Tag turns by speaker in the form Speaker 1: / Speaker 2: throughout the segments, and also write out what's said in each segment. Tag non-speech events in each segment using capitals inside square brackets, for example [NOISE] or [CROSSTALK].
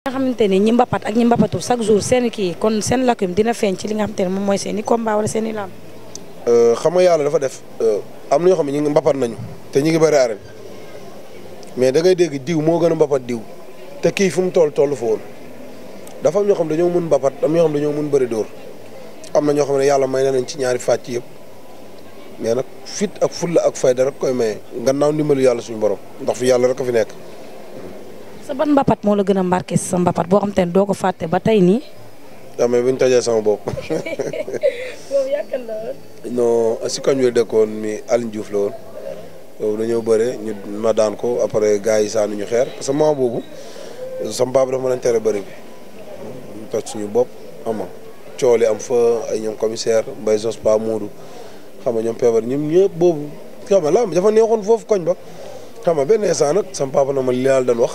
Speaker 1: nga xamante ni ñi mbapat ak ñi mbapatul chaque jour seen kii kon seen lacune dina feeñ ci li nga xamante ne moom mooy seen i combat wala
Speaker 2: euh, xam nga yàlla dafa def euh, am na ñoo xam ne ñu ngi nañu te ñu ngi bëri arène mais da ngay dégg diw moo gën a mbapat diw te kii fu mu toll toll fa woon dafa ñoo xam dañoo mun mbapat am ñoo xam dañoo mun bëri dóor am na ñoo xam ne yàlla may na nañ ci ñaari fàcc yëpp mais nag fit ak fulla ak fayda rek koy may maye gannaaw ndimbalu yàlla suñu borom ndax fi yàlla rek a fi nekk.
Speaker 1: sa ban mbapat moo la gën a marqué sa mbapat boo xam te ne doo ko fàtte ba tey nii.
Speaker 2: waaw mais bu ñu tojee sama bopp. [LAUGHS] boobu yaakaar naa non si kañ la dëkkoon mi Alioune Diouf la woon. boobu ñu ma daan ko après gars yi ñu xeer sama baab dafa mën a tere bëri bi ñu toj suñu bopp xam nga am fa ay ñoom commissaire Mbaye Zospa Moodu xam nga ñoom peebar ñu ñëpp boobu xam nga la dafa neexoon foofu koñ ba xam nga benn instant sama papa na ma li daal wax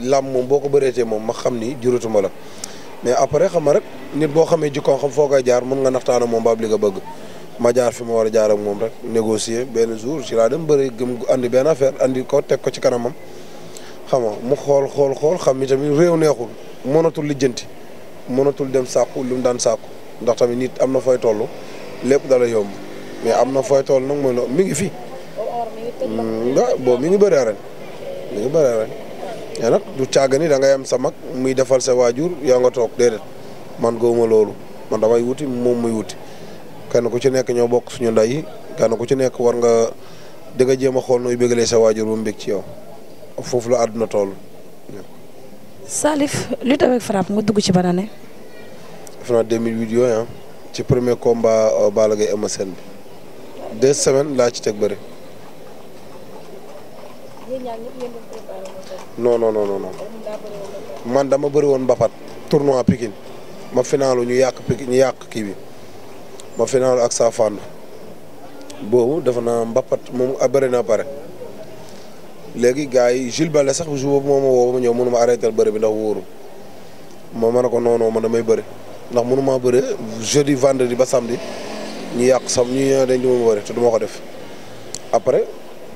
Speaker 2: làmb moom boo ko bëreetee moom ma xam ni juratuma la mais après xam nga rek nit boo xamee jikkoon xam foo koy jaar mun nga naxtaana moom ba ab ga nga bëgg ma jaar fi ma war a jaar ak moom rek négocier benn jour ci laa dem bëri gëm andi benn affaire andi ko teg ko ci kanamam xam nga mu xool xool xool xam ni tamit réew neexul mënatul lijjanti mënatul dem sàkku lu mu daan sàkku ndax tamit nit am na fooy toll lépp dala yomb mais am na fooy toll nag mooy mi ngi fi. Mm, waaw boobu mi ngi bëree ren mi ngi bëree ren. te nag du caaga ni da ngay am sa mag muy defal sa waajur yaa nga toog déedéet man gëwuma loolu man damay wuti moom muy wuti kenn ku ci nekk ñoo bokk suñu nday yi kenn ku ci nekk war nga di jëm a xool nooy bégalee sa waajur ba mu ci yow foofu la àdduna toll.
Speaker 1: Salif lutte avec frappe nga dugg ci ban année.
Speaker 2: def naa 2008 yooyu ah. ci premier combat euh, Balla Gaye Eumeu Sène bi deux semaines laa ci teg bari non non non man dama bëri woon Mbapat tournoi Pikine ma finaalu ñu yàq Pikine ñu yàq kii bi ma finaalu ak saa fànn boobu dafa naa Mbapat moom bëri naa pare. léegi gars yi Jules Bale sax jour boobu moo ma woo ma ñëw mënu ma arrêté bëri bi ndax wóoru ma mën a ko noonoo man damay bëri ndax mënu bari bëri jeudi vendredi ba samedi ñu yàq sam ñu dañ di ma bëri te du ko def après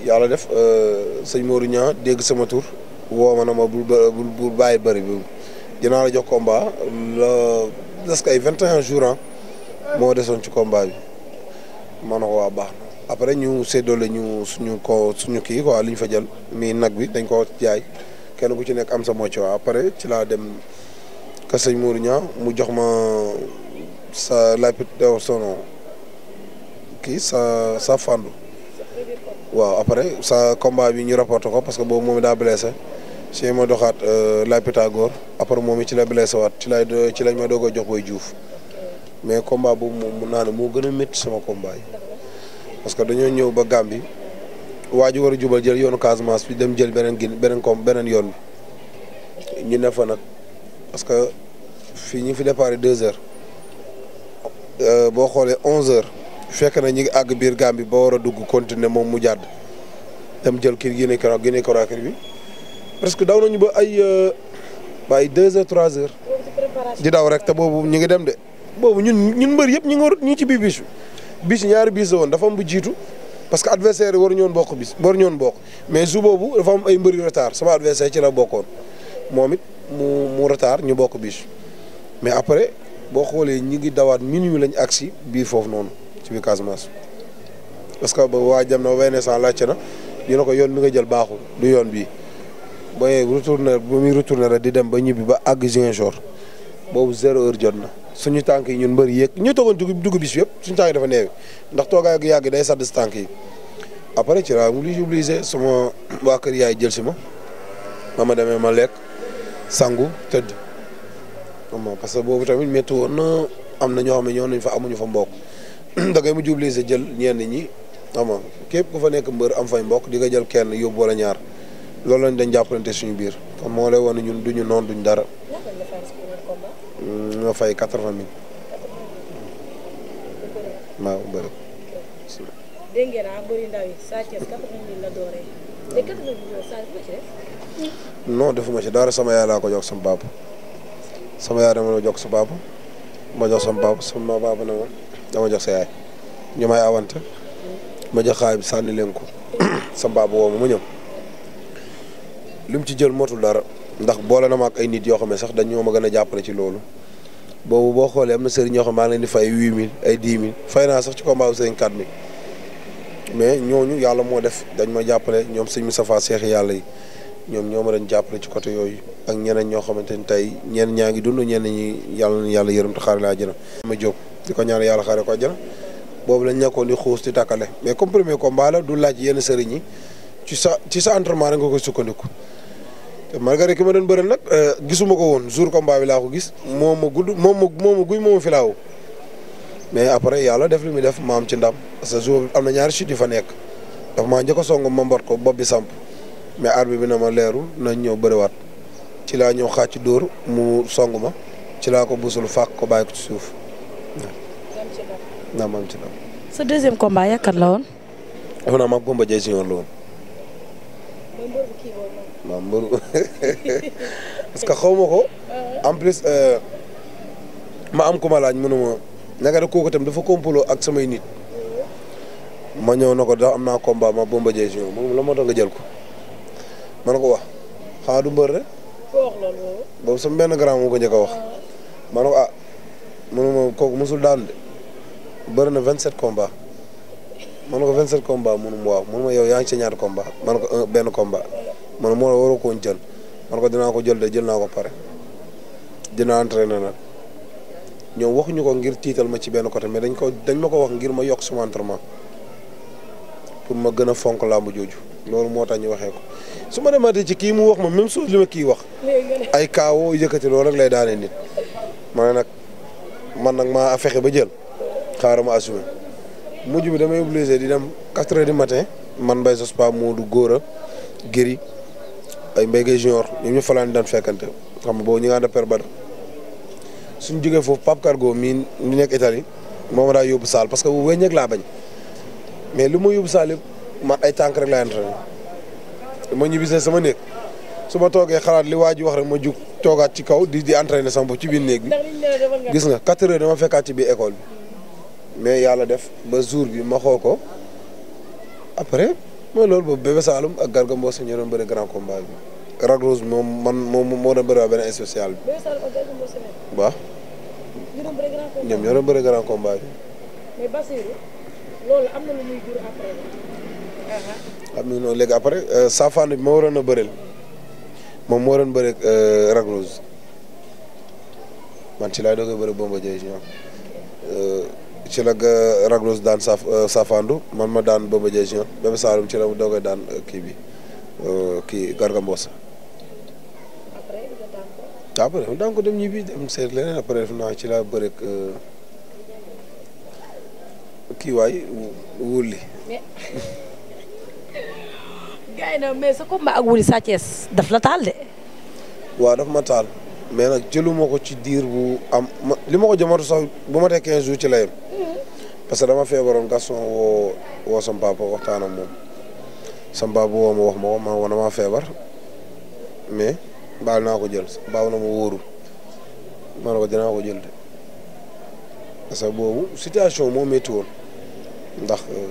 Speaker 2: yàlla def euh, sëñ Modou Niang dégg sama tur. woo ma na ma bu bul bul bàyyi bëri bi dinaa la jox combat la des que ay vingt et un moo desoon ci combat bi ma ne ko baax na après ñu séddale ñu suñu ko suñu kii waa li ñu fa jël mi nag bi dañ koo jaay kenn ku ci nekk am sa moitié waa après ci laa dem ka sëñ Mourou mu jox ma sa lapit dew euh, sono kii sa sa fandu waaw apare sa combat bi ñu rapporté ko parce que boobu moom daa blessé si ma doxaat euh, la Pythagore après moom it ci la blessé waat ci la ci lañ ma doog a jox Boy Diouf mais combat boobu moom mun naa ne moo gën a métti sama combat parce que dañoo ñëw ba Gambie waa ji war a jubal jël yoonu Casamance bi dem jël beneen gin beneen koom beneen yoon bi ñu ne fa nag parce que fii ñu fi départ deux heures euh, boo xoolee onze heures fekk na ñu ngi àgg biir Gambie ba war a dugg continuer moom mu jàdd dem jël kii Guinée Conakry Guinée Conakry bi. presque daw nañu ba ay euh, ba ay deux heures trois heures. di daw rek te boobu ñu ngi dem de. boobu ñun ñun mbër yëpp ñu ngi war ñu ci biir bis bi bis ñaari bis la woon dafa am bu jiitu parce que adversaire war waruñu woon bokk bis waruñu woon bokk mais su boobu dafa am ay mbër yu retard sama adversaire ci la bokkoon moom it mu mu retard ñu bokk bis mais après boo xoolee ñi ngi dawaat minuit lañ agsi bii foofu noonu ci biir Casamance parce que waa jam na wenesan laajte na dina ko yoon mi nga jël baaxul du yoon bii. booy retourner bu muy retourner rek di dem ba ñibbi ba àgg Ziguinchor boobu zéro heure jot na suñu tànk yi ñun mbër yéeg ñu toogoon dugub dugub bis yëpp suñu tànk yi dafa neewi ndax toogaay ak yàgg day sàdd si tànk yi après ci laa mu li obligé sama waa kër yaay jël si ma ma ma demee ma lekk sangu tëdd xam parce que boobu tamit métti woon na am na ñoo xam ne ñoo nañ fa amuñu fa mbok [CLEARS THROAT] da ngay mujj obligé jël ñenn ñi xam nga képp ku fa nekk mbër am fay mbokk di nga jël kenn yóbbu wala ñaar. loolu lañ dañ jàppalante suñu biir kon moo lay wane ñun duñu noon duñ dara. Mm, ñoo fay quatre-vingt mille. waaw ah, bëri. Mm. ci def. non dara sama yaay laa ko jox sam baab sama yaay dama jox sa baab ma jox sama baab sama baab na yaay ñu may awante mm. ma jox xaay sànni leen ko [COUGHS] sama baab woo ma ñëw. li mu ci jël motul dara ndax boole na ma ak ay nit yoo xam ne sax dañ ma gën a jàppale ci loolu boobu boo xoolee am na sëriñ ñoo xam maa ngi di fay huit mille ay dix mille fay naa sax ci combat bu sëriñ quatre mille mais ñooñu yàlla moo def dañ ma jàppale ñoom sëñ Moustapha yàlla yi ñoom ñoo ma dañ jàppale ci côté yooyu ak ñeneen ñoo xamante ni tey ñenn ñaa ngi dund ñenn ñi yàlla yàlla yërëm te xaare la ma jóg di ko ñaan yàlla xaare ko àjjana boobu lañ nekkoon di xuus di tàkkale mais comme premier combat du laaj yenn sëriñ ci sa ci sa entraînement rek nga koy sukkandiku te ki ma doon bëral nag euh, gisuma ko woon jour combat bi laa ko gis moo ma gudd moom ma moo ma guy moo ma filaaw mais après yàlla def li muy def maam ci ndam parce que jour am na ñaari chute yu fa nekk dafa maa njëkk song ma mbot ko bi samp mais arbitre bi na ma leerul nañ ñëw bëriwaat ci laa ñëw xàcc dóor mu song ma ci laa ko busul fàq ko bàyyi ci suuf
Speaker 1: waaw. ma am ci ndam. sa deuxième combat yaakaar la woon.
Speaker 2: dafa naa ma Bomba Dieng si la woon. maa mbëru [LAUGHS] parce que xaw ma ko. en plus euh, ma am ku ma laaj mënu ma naka rek kooku itam dafa complot ak samay nit. ma ñëw na ko da am naa combat ma Bomba Dieng junior moo tax nga jël ma ne ko wax xanaa du mbër benn grand moo ko njëkk a wax. Ah. ma ah. daanu de bëri na 27 combats ma ne ko 27 combats mënuma waaw mënuma yow yaa ngi ci ñaari komba ma ne ko benn combat. man moo waroo koon jël man ko dinaa ko jël de jël naa ko pare dina entraîné nag ñoom waxuñu ko ngir tiital ma ci benn côté mais dañ ko dañ ma ko wax ngir ma yokk sama entraînement pour ma gën a fonk làmb jooju loolu moo tax ñu waxee ko su ma demaatee ci kii mu wax ma même chose li ma kii wax ay kaawoo yëkkati loolu rek lay daanee nit ma ne nag man nag maa fexe ba jël xaaral ma mujj bi damay obligé di dem quatre heures du matin man Mbaye Sospa Modou Gora Giri ay Mbaye Guèye junior ñoom ñu falaan daan fekkante xam nga boobu ñu ngi ànd ak per Badou suñ jógee foofu Pape Cargo mii ñu nekk Italie moo ma daa yóbbu saal parce que wéññeeg laa bañ mais lu ma yóbbu saal yëpp man ay tànk rek laay entraîné ma ñibbisee sama néeg su ma toogee xalaat li waa ji wax rek ma jug toogaat ci kaw di di entraîné sama bopp ci biir néeg bi gis nga 4 heures dama fekkaat ci biir école bi mais yàlla def ba jour bi ma xoo ko après. mooy loolu boobu Bébé Saloum ak Garga Mbossé ñoo doon bëri grand combat bi Rose moom man moom moo doon bëri waa benn spécial bi.
Speaker 1: Bébé ñoo doon bëri grand combat bi am na lu muy jur après.
Speaker 2: am na euh, a bëreel moom moo waroon bëri euh, Rack Rose man ci laay doog a bëri Bombardier ci la Raglos daan saf euh, Safandu ma daan Bamba Dieng junior Bébé Saloum ci la doogay daan euh, kii bi euh, kii Garga après ah, daan ko. dem ñibbi dem seet leneen après def naa ci la bëreeg kii waay wulli
Speaker 1: [LAUGHS] gars yi mais sa wulli Sa daf la taal de.
Speaker 2: waaw daf ma taal. mais nag jëluma ko ci diir bu am ma li ma ko jëmatu sax bu ma te 15 jours ci layam parce que dama feebaroon Gaston woo woo sama papa waxtaan ak moom sama papa woo ma wax ma ko ma ko feebar mais baal naa ko jël baaw na ma wóoru ma ne ko dinaa ko jël de parce que boobu situation moo métti woon ndax euh,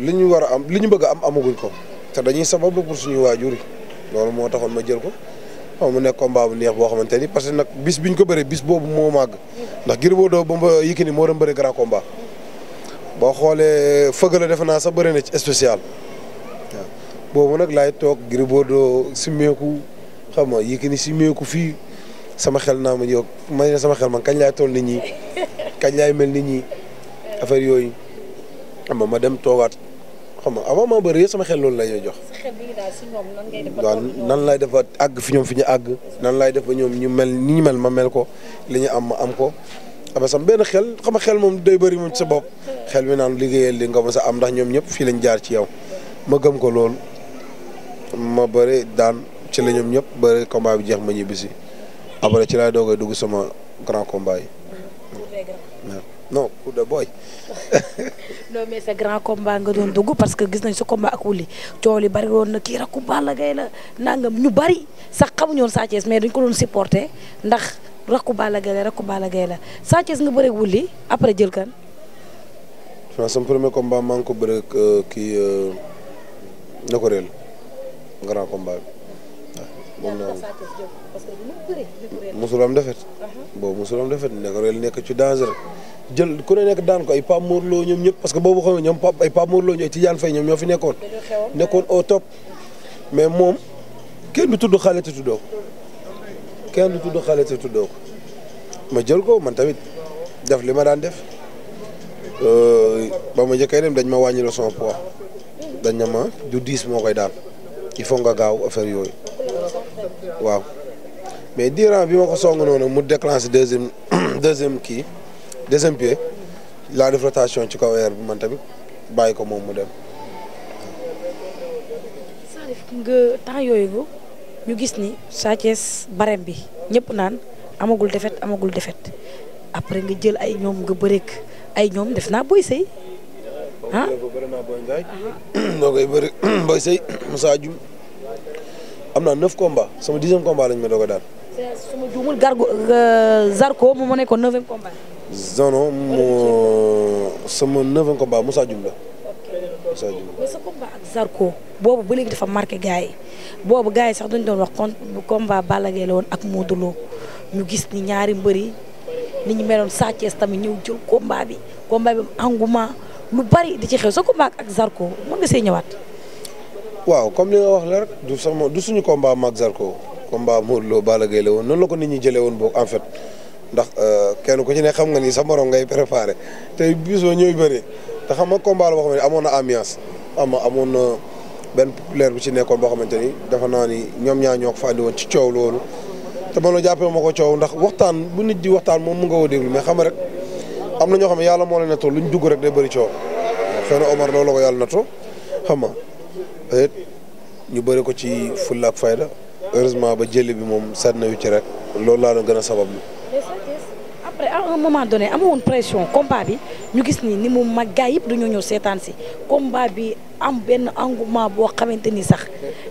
Speaker 2: li ñu war a am li ñu bëgg a am amaguñ ko te dañuy sabablu pour suñuy waajur yi loolu moo taxoon ma jël ko. waaw mu nekk combat bu neex boo xamante ni parce que nag bis biñ ko bëree bis boobu moo màgg ndax Gris Bordeaux ba mba Yékini moo doon bëri grand combat boo xoolee fëgg la defe naa sa bëri na ci spécial boobu nag laay toog Gris Bordeaux simmeeku xam nga Yékini simmeeku fii sama xel naa ma yow may na sama xel ma kañ laay toll nit ñi kañ laay mel nit ñi affaire yooyu xam nga ma dem toogaat. xam nga avant maa bëri sama xel loolu la ñuy jox. nan lay def àgg fi ñoom fi ñu àgg. nan lay def ba ñoom ñu mel ni ñu mel ma mel ko li ñu am ma am ko. aba sam benn xel xam nga xel moom day bëri moom sa bopp xel mi naan liggéeyal li nga ma sa am ndax ñoom ñëpp fii lañ jaar ci yow ma gëm ko loolu ma bëri daan ci la ñoom ñëpp bëri combat bi jeex ma ñibbisi après ci laay doogay dugg sama grand combat non Kouda booy.
Speaker 1: [LAUGHS] non mais sa grand combat nga doon dugg parce que gis nañ si combat ak wuli coow li bari woon na kii rakku Balla Gaye la nangam ñu bari sax xamuñu woon Sa mais dañ ko doon supporter ndax rakku Balla Gaye la rakku la Sa nga bëreeg wuli après jël kan.
Speaker 2: waaw sama ngi ko bëreeg euh, kii euh, ko réel grand combat bi. moom naa mosul am defet uh-huh. boobu am defet nekk rek nekk ci danger jël ku ne nekk daan ko ay Pape Mor Lo ñoom ñëpp parce que boobu xam ñoom Pape ay Pape Mor Lo ñu ay Tidiane Faye ñoom ñoo fi nekkoon. nekkoon au mais moom kenn du tudd xale te tuddoo tudd xale te ma jël ko man tamit def li ma daan def euh, ba ma njëkkee dem dañ ma wàññiloo sama poids dañ na ma ju diis moo koy daan il faut nga gaaw affaire yooyu waaw mais diiran bi ma ko song noonu mu déclenché deuxième [COUGHS] deuxième kii. deuxième pied laa def rotation ci kaw air bi man tamit bàyyi ko moom mu dem.
Speaker 1: nga temps yooyu ñu gis ni Sa Thiès barem bi ñëpp naan amagul defet amagul defet après nga jël ay ñoom nga bëreek ay ñoom def naa Boy
Speaker 2: Sey. ah boo [COUGHS] koy bëri [COUGHS] Boy am naa neuf combats sama dixième combat lañ ma doog a daal.
Speaker 1: Euh, mu nekkoon neuvième
Speaker 2: Zono sama neveu ko baax Moussa Dioum la. Moussa Dioum
Speaker 1: mais sa combat ak Zarko boobu ba léegi dafa marqué gars yi boobu gars yi sax dañu doon wax kon combat Balla Gaye la woon ak Modou Lo ñu gis ni ñaari mbër yi ni ñu meloon Sa Thiès tamit ñëw jël combat bi combat bi engouement lu bari di ci xew sa combat ak Zarko mën nga see ñëwaat.
Speaker 2: waaw comme li nga wax la rek du sama du suñu combat maag Zarko combat Modou Lo Balla Gaye la woon noonu la ko nit ñi jëlee woon boog en fait. ndax euh, kenn ku ci ne xam nga ni sa moroom ngay préparé tey bis ba ñooy bëri te xam ma combat la boo xam ne amoon na ambiance am amoon na benn populaire bu ci nekkoon boo xamante ni dafa naa ni ñoom ñaa ñoo ko fa andi ci coow loolu. te man la jàppee ma ko coow ndax waxtaan bu nit di waxtaan moom mu nga déglu mais xam rek am na ñoo xam ne yàlla moo leen nattoo luñ dugg rek day bëri coow xëy na Omar loolu la ko yàlla nattoo xam nga ñu bëri ko ci fulla ak fayda heureusement ba jëli bi moom sànni yu ci rek loolu laa doon gën a sabablu
Speaker 1: après à un moment donné amoon pression combat bi ñu gis ni ni mu mag gaay yëpp dañoo ñëw seetaan si combat bi am benn engouement boo xamante ni sax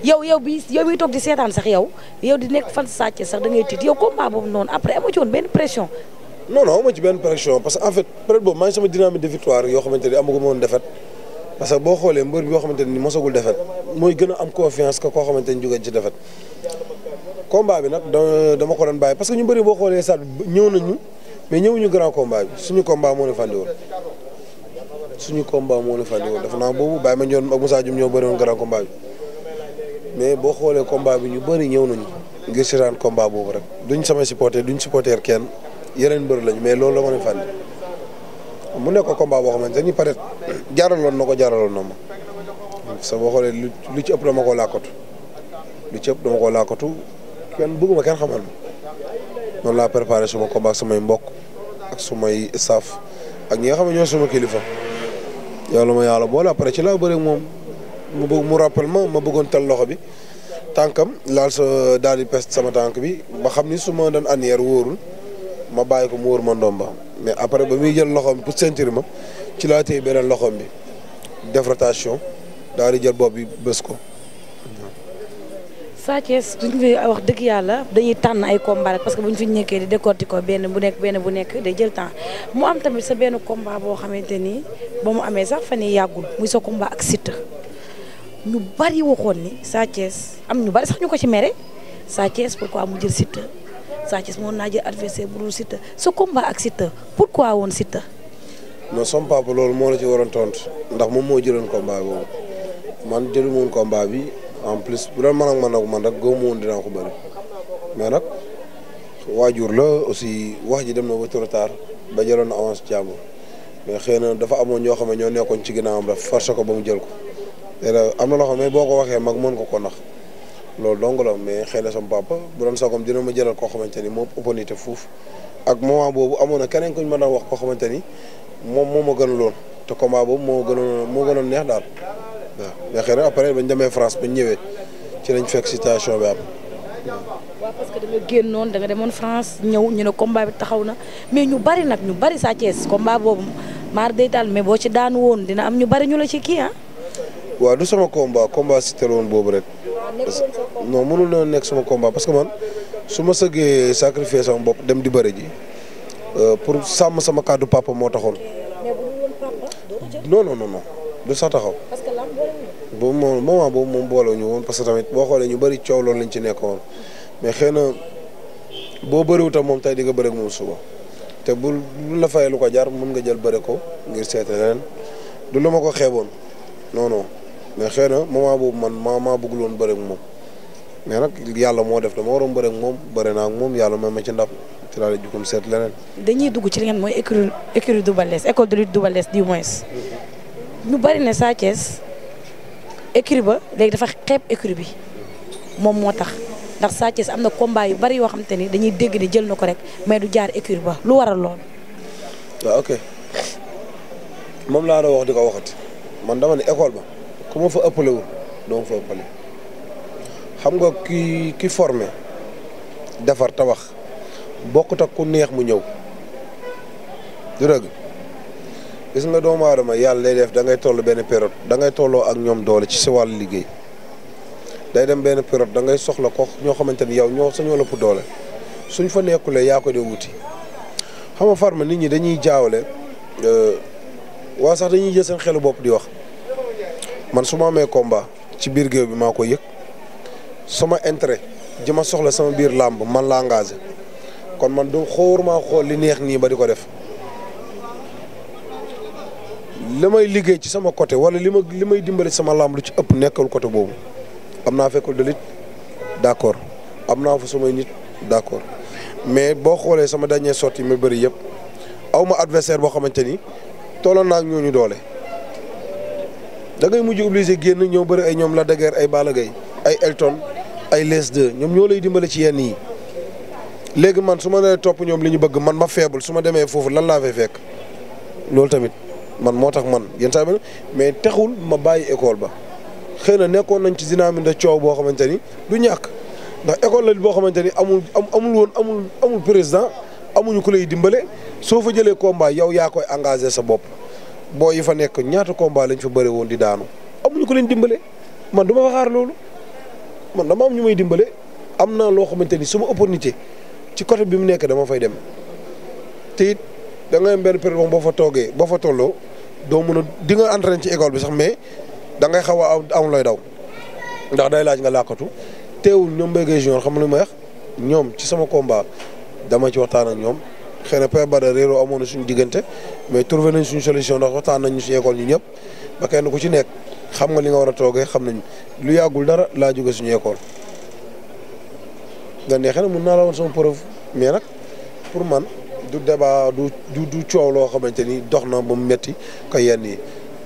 Speaker 1: yaw yow bi yow miy toog di seetaan sax yaw yow di nekk fan sàcc sax da ngay tiit yow combat boobu noonu après amoo ci woon benn pression.
Speaker 2: non non amoo ci benn pression parce que en fait peut boobu maa sama dynamique de victoire yoo xamante ni amagu ma woon defet parce que boo xoolee mbër yoo xamante ni mosagul defet mooy gën a am confiance bi nag dama ko doon bàyyi parce que ñu bëri boo xoolee sax ñëw nañu mais ñëwuñu grand combat suñu combat moo ne fàndi woon suñu combat moo ne fàndi woon naa boobu Baye Mandione ak Moussa Dioum ñoo bëri woon grand combat bi mais boo xoolee combat bi ñu bëri ñëw nañu ngir seetaan combat boobu rek duñ sama supporter duñ supporter kenn yeneen mbër lañ mais loolu la moo fàndi mu nekk combat boo xamante ni peut-être jaaraloon na ko jaaraloon na ma boo xoolee lu lu ci ëpp dama ko làkkatu lu ci dama ko làkkatu kenn bëgguma kenn xamal noonu laa préparé suma combat ak samay mbokk ak sumay staff ak ñi nga xam ne ñoo suma kilifa yàlla ma yàlla boole après ci laa bëre moom mu bëgg mu rappel ma ma bëggoon tal loxo bi tànkam laal sa daal di pest sama tànk bi ba xam ni su ma doon annière wóorul ma bàyyi ko mu wóor ma ndomba mais après ba muy jël loxoom pour sentir ma ci laa téye beneen loxoom bi def rotation daal di jël bopp bi bës ko.
Speaker 1: Sa Thiès duñ wax dëgg yàlla dañuy tànn ay combat rek parce que buñ fi nekkee di décortiquer benn bu nekk benn bu nekk day jël temps mu am tamit sa benn combat boo xamante nii ba mu amee sax fan yii yàggul muy sa combat ak Siteu ñu bari waxoon ni Sa am ñu bari sax ñu ko ci mere Sa Thiès pourquoi mu jël Siteu Sa Thiès moo naa jël adversaire bu dul sa combat ak Siteu pourquoi woon Siteu.
Speaker 2: non sama papa loolu moo la ci waroon tontu ndax moom moo jëloon combat boobu man bi. en plus bu doon mën ak man ak man rek góob mu dinaa ko bëri mais nag waajur la aussi wax ji dem na ba trop tard ba jëloon na avance jàmbur mais xëy na dafa amoon ñoo xam ne ñoo nekkoon ci ginnaawam rek forcé ko ba mu jël am na loo xam boo ko waxee mag mën ko ko nax loolu dong la mais xëy na sama papa bu doon sagoom dina ma jëlal koo xamante ni moom opportunité fuuf ak moment boobu amoon na keneen ku ñu mën a wax koo xamante ni moom moo ma gën loon te combat boobu moo gën moo gënoon neex daal. waaw mais xëy na après bañ demee France bañ ñëwee ci lañ fekk situation bi am.
Speaker 1: waaw parce que da génnoon da nga demoon France ñëw ñu ne combat bi taxaw na mais ñu bari nag ñu bari Sa Thiès combat boobu maar day taal mais boo ci daanu woon dina am ñu bari ñu la ci kii ah.
Speaker 2: waaw du sama combat combat si teel woon boobu rek. Ah, mënul na nekk sama combat parce que man su ma sëggee sacrifier sama bopp dem di bëri ji euh, pour sàmm sama kàddu papa moo taxoon. non non du sax taxaw. boobu moom moment boobu moom booloo ñu woon parce que tamit boo xoolee ñu bëri coow loolu lañ ci nekkoon mais xëy na boo bëriwut ak moom tey di nga bëri ak moom suba te bu la fayee ko jar mën nga jël bëri ko ngir seet leneen du lu ma ko xeeboon non non mais xëy na moment boobu man maa maa bëggul woon bëri ak moom mais nag yàlla moo def dama waroon bëri moom bëri naa moom yàlla may ma ci ndam a laa la jukkum seet
Speaker 1: dañuy dugg ci li ngeen mooy écurie écurie Double école de lutte Double Less du ñu bari na Sa Thiès ba léegi dafa xeeb écurie bi moom moo tax ndax Sa Thiès am na combat yu bari yoo xam ni dañuy dégg ne jël na ko rek mais du jaar écurie ba lu waral lool.
Speaker 2: waaw ok moom laa doon wax di ko waxati man dama ne école ba ku ma fa ëppale wul doo ma fa ëppale xam nga ki ki formé defar tabax bokkut ak ku neex mu ñëw du dëgg gis nga doomu aadama yàlla lay def da ngay toll benn période dangay tolloo ak ñoom doole ci si wàllu liggéey day dem benn période da ngay soxla ko ñoo xamante ni yow ñoo sañoo lëpp doole suñ fa nekkulee yaa ko dee wuti xam nga nit ñi dañuy jaawale euh, waa sax dañuy jël seen xelu bopp di wax man su ma amee combat ci biir géew bi maa ko yëg sama intérêt ji ma soxla sama biir làmb man la engagé kon man du xóor maa xool li neex nii ba di ko def li may liggéey ci sama côté wala li ma li may dimbali sama làmb lu ci ëpp nekkul côté boobu am naa fekkul de lit d'accord am naa fa samay nit d'accord mais boo xoolee sama dernier sortie ma bëri yëpp aw ma adversaire boo xamante ni tolloon naa ak ñooñu doole da ngay mujj obligé génn ñoo bëri ay ñoom la daguer ay Balla Gaye ay Elton ay Les ñoom ñoo lay dimbale ci yenn yi léegi man su ma nee topp ñoom li ñu bëgg man ma faible su ma demee foofu lan laa fay fekk loolu tamit. man moo tax man yenn saa mais texul ma bàyyi école ba xëy na nekkoon nañ ci dynamique de coow boo xamante ni du ñàkk ndax école la boo xamante ni amul amul woon amul amul président amuñu ku lay dimbale soo fa jëlee combat yow yaa koy engagé sa bopp boo yi fa nekk ñaata combat lañ fa bëri woon di daanu amuñu ku leen dimbale man du ma fa xaar loolu man dama am ñu may dimbale am na loo xamante ni suma opportunité ci côté bi mu nekk dama fay dem te da ngay benn période boo fa toogee boo fa tolloo doo mën a di nga entraîné ci école bi sax mais dangay ngay xaw a am looy daw ndax day laaj nga làkkatu teewul ñoom Mbaye Guèye junior xam nga lu may ñoom ci sama combat dama ci waxtaan ñoom xëy na peut-être ba réeroo amoon suñu diggante mais trouvé nañ suñu solution ndax waxtaan nañ ñu suñu école ñu ñëpp ba kenn ku ci nekk xam nga li nga war a toogee xam nañ lu yàggul dara laa jóge suñu école. nga neexee na mën naa la woon sama preuve mais nag pour man. du débat du du coow loo xamante ni dox na ba mu métti ko yenn yi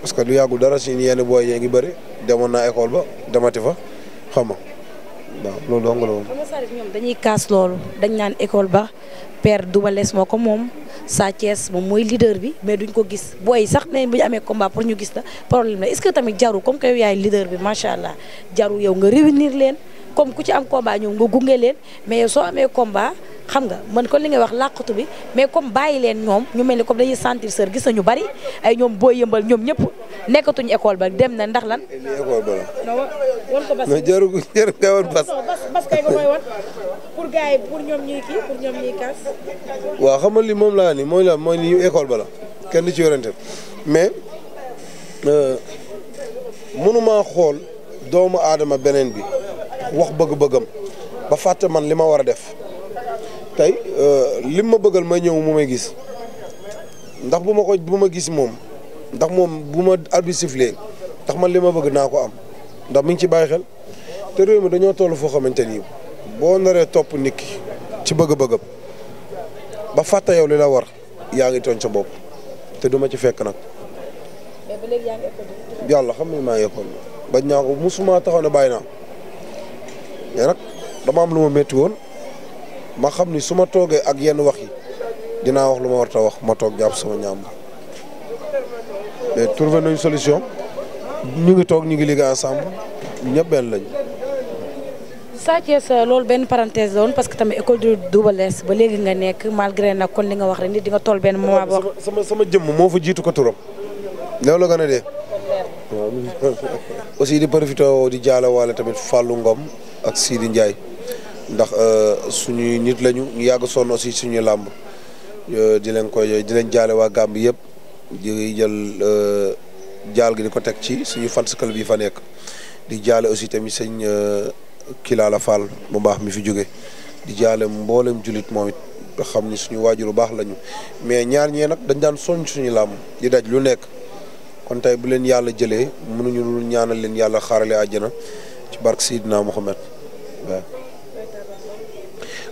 Speaker 2: parce que lu yàggul dara si yenn booy yee ngi bëri demoon naa école ba demati fa xam nga waaw loolu dong la woon.
Speaker 1: dañuy kaas loolu dañ naan école ba du ma Less moo ko moom Sa Thiès moom mooy leader bi mais duñ ko gis booy sax ne bu ñu amee combat pour ñu gis la problème la est-ce que tamit jaru comme que yow yaay leader bi macha allah jaru yow nga réunir leen comme ku ci am combat ñoom nga gunge leen mais yow amee combat. xam nga man kon li ngay wax làqatu bi mais comme bàyyi leen ñoom ñu mel ni comme dañuy sentir seur gis ñu bari ay ñoom booy yëmbal ñoom ñëpp nekkatuñu école ba dem na ndax lan.
Speaker 2: école ba la.
Speaker 1: war ko bas. non jarul
Speaker 2: jarul li moom laa ni mooy la mooy li école ba la kenn du ci yorante mais euh, mënuma xool doomu aadama beneen bi wax bëgg-bëggam ba fàtte man li ma war a def. tey euh, lim ma bëggal may ñëw mu may gis ndax bu ma ko bu ma gis moom ndax moom bu ma arbitre sifflé ndax man li ma bëgg naa ko am ndax mi ci bàyyi xel te mi dañoo toll foo xamante ni boo naree topp nit ki ci bëgg-bëggam ba fàtte yow li war yaa ngi tooñ sa bopp te duma ci fekk nag. yàlla xam ne maa ngi école bañ naa ko musuma naa dama am lu ma métti woon. ma xam ni su ma toogee ak yenn wax yi dinaa wax lu ma war wax ma toog jàpp sama ñaam mais trouvé nañu solution ñu ngi toog ñu ngi liggéey ensemble ñëpp benn lañu.
Speaker 1: Sa Thiès loolu benn parenthèse la parce que tamit école de Double ba léegi nga nekk malgré nag kon li nga wax rek nit di nga toll benn moment boo.
Speaker 2: sama sama jëmm moo fa jiitu ko turam. loolu la gën [LAUGHS] aussi di profité di jaale waale tamit Fallou Ngom ak sii di Ndiaye. ndax euh, suñuy nit lañu ñu yàgg sonn aussi suñuy làmb euh, di leen koy di leen jaale waa gàmb yëpp di jël euh, jaal gi di ko teg ci suñu fans club yi fa nekk di jaale aussi tamit sëñ Kilaala Fall bu baax mi fi jóge di jaale mboolem jullit moom it xam ni suñu waajur bu baax lañu mais ñaar ñee nag dañ daan soññ suñu làmb di daj lu nekk kon tey bu leen yàlla jëlee mënuñu lu ñaanal leen yàlla xaarale àjjana ci barke Seydina Mohamed waaw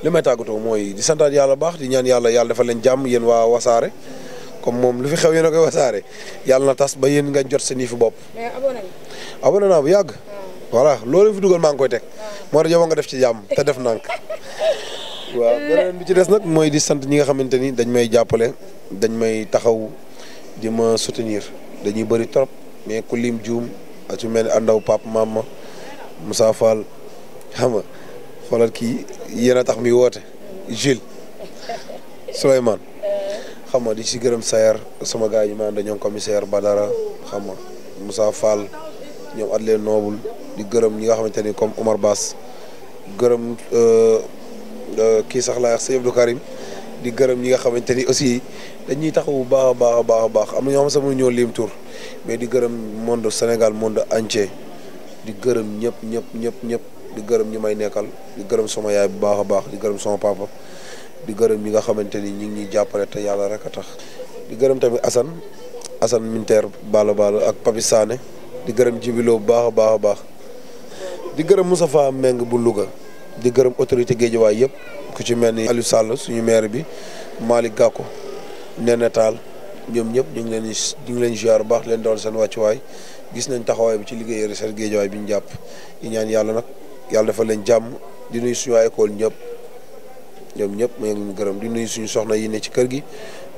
Speaker 2: li may tàggatoo mooy di santaat yàlla baax di ñaan yàlla yàlla defal leen jàmm yéen waa wasaare comme moom lu fi xew yéen a koy wasaare yàlla na tas ba yéen nga jot seen i fi bopp. abonné naa bu yàgg. Ah. voilà loolu fi dugal maa ngi koy teg. Ah. moo tax yow nga def ci jàmm te def nànk [LAUGHS] waaw beneen bi ci des nag mooy di sant ñi nga xamante ni dañ may jàppale dañ may taxaw di ma soutenir dañuy bëri trop mais ku lim juum su mel ni àndaw Pape ma Moussa Fall xam nga xoolal kii yéen a tax mi woote Jules Souleymane xam nga di si gërëm Sayer sama gars yi ma ànd ñoom commissaire ba dara nga musaa Fall ñoom Adlé noobul di gërëm ñi nga xamante ni comme Omar Bass gërëm euh, euh, kii sax laa wax sëñ Abdou di gërëm ñi nga xamante ni aussi dañuy taxaw bu baax a baax baax a baax am na ñoo xam sax mu ñëw lim tour mais di gërëm monde Sénégal monde entier di gërëm ñëpp ñëpp ñëpp ñëpp. di gërëm ñu may nekkal di gërëm sama yaay bu baax a baax di gërëm sama papa di gërëm ñi nga xamante ni ñu ngi ñuy jàppale te yàlla rek a tax di gërëm tamit Assane Assane Minter Bala Bala ak Papi Sané di gërëm Jibilo bu baax a baax a baax di gërëm Moussa Fa Meng bu luga di gërëm autorité Guédiawaay yëpp ku ci mel ni Aliou sàll suñu maire bi maali Gakou Néné Tall ñoom ñëpp ñu ngi leen ñu ngi leen ziar baax leen dool seen wàccuwaay gis nañ taxawaay bi ci liggéey recherche Guédiawaay bi ñu jàpp di ñaan yàlla nag yàlla dafa leen jàmm di nuyu suñu waa école ñëpp ñoom ñëpp ma ngi gërëm di nuyu suñu soxna yi ne ci kër gi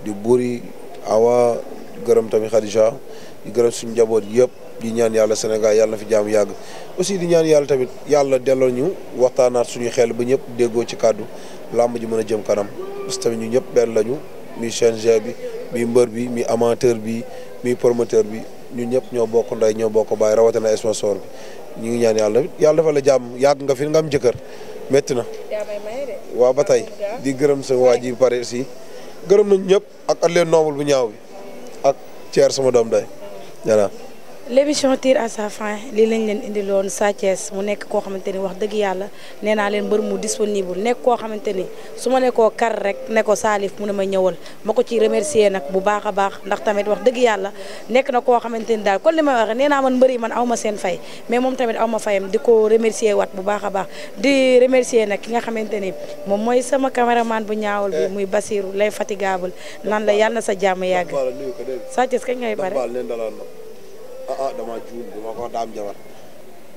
Speaker 2: di buri awa gërëm tamit Khadija di gërëm suñu njaboot yëpp di ñaan yàlla Sénégal yàlla na fi jàmm yàgg aussi di ñaan yàlla tamit yàlla delloo ñu waxtaanaat suñu xel ba ñëpp déggoo ci kàddu làmb ji mën a jëm kanam parce tamit ñu ñëpp benn lañu mi CNG bi mi mbër bi mi amateur bi mi promoteur bi ñu ñëpp ñoo bokk ndey ñoo bokk baay rawatina sponsor bi ñu ngi ñaan yàlla yàlla dafa la jàmm yàgg nga fi nga am jëkkër métti na. waaw ba tey di gërëm sa waa ji pare si gërëm nañ ñëpp ak at noobul bu ñaaw bi ak ceer sama doom day voilà.
Speaker 1: l'émission tire à sa fin lii lañ leen indiloon Sa mu nekk koo xamante ni wax dëgg yàlla nee naa leen mbër mu disponible nekk koo xamante ni su ma ne koo kar rek ne ko Salif mu ne ma ñëwal ma ko ci remercier nag bu baax a baax ndax tamit wax dëgg yàlla nekk na koo xamante ni daal kon li may waxee nee naa man mbër man aw ma seen fay mais moom tamit aw ma fayam di ko remercier wat bu baax a baax di remercier nag ki nga xamante ni moom mooy sama caméraman bu ñaawul bi eh. muy Basirou lay fatigable naan la yàlla sa jàmm yàgg
Speaker 2: Sa Thiès kañ ngay ah ah dama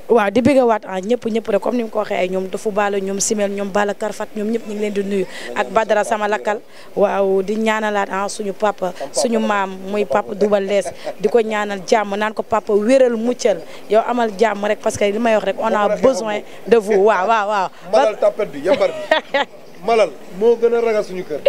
Speaker 1: waaw di bëgg waat ah ñëpp ñëpp rek comme ni mu ko waxee ay ñoom dafu baala ñoom simel ñoom baala karfat ñoom ñëpp ñu leen di nuyu ak Badara sama lakkal waaw di ñaanalaat ah suñu papa suñu maam muy papa Double Less di ko ñaanal jàmm naan ko papa wéral muccal yow amal jàmm rek parce que li may wax rek on a besoin de vous waaw waaw waaw. [LAUGHS] malal moo gën a ragal suñu kër.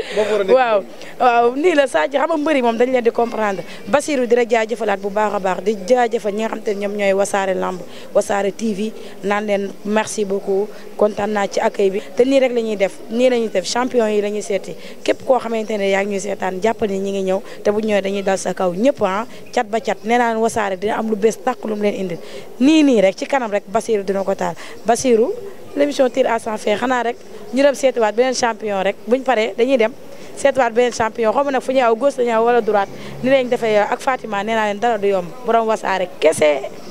Speaker 1: waaw waaw nii la sa Sadji xam nga mbëri moom dañ leen di comprendre Basirou di jaa jaajëfalaat bu baax a baax di jaajëfal ñi nga xam te ne ñoom ñooy wasaare lamb wasaare TV naan leen merci beaucoup kontaan naa ci accueil bi. te nii rek la ñuy def nii la def champion yi la ñuy seeti képp koo xamante ne yaa ngi seetaan jàppal ñi ngi ñëw te bu ñëwee dañuy dal sa kaw ñëpp ah cat ba cat nee naa wasaare dina am lu bees tàq lu leen indi nii nii rek ci kanam rek Basirou dina ko taal Basirou l' émission tire à sa fin xanaa rek ñu dem beneen champion rek buñ paree dañuy dem seetiwaat beneen champion xaw ma fu ñuy aw gauche wala droite ni lañ defee ak Fatima nee naa dara du yomb borom wasaare kese.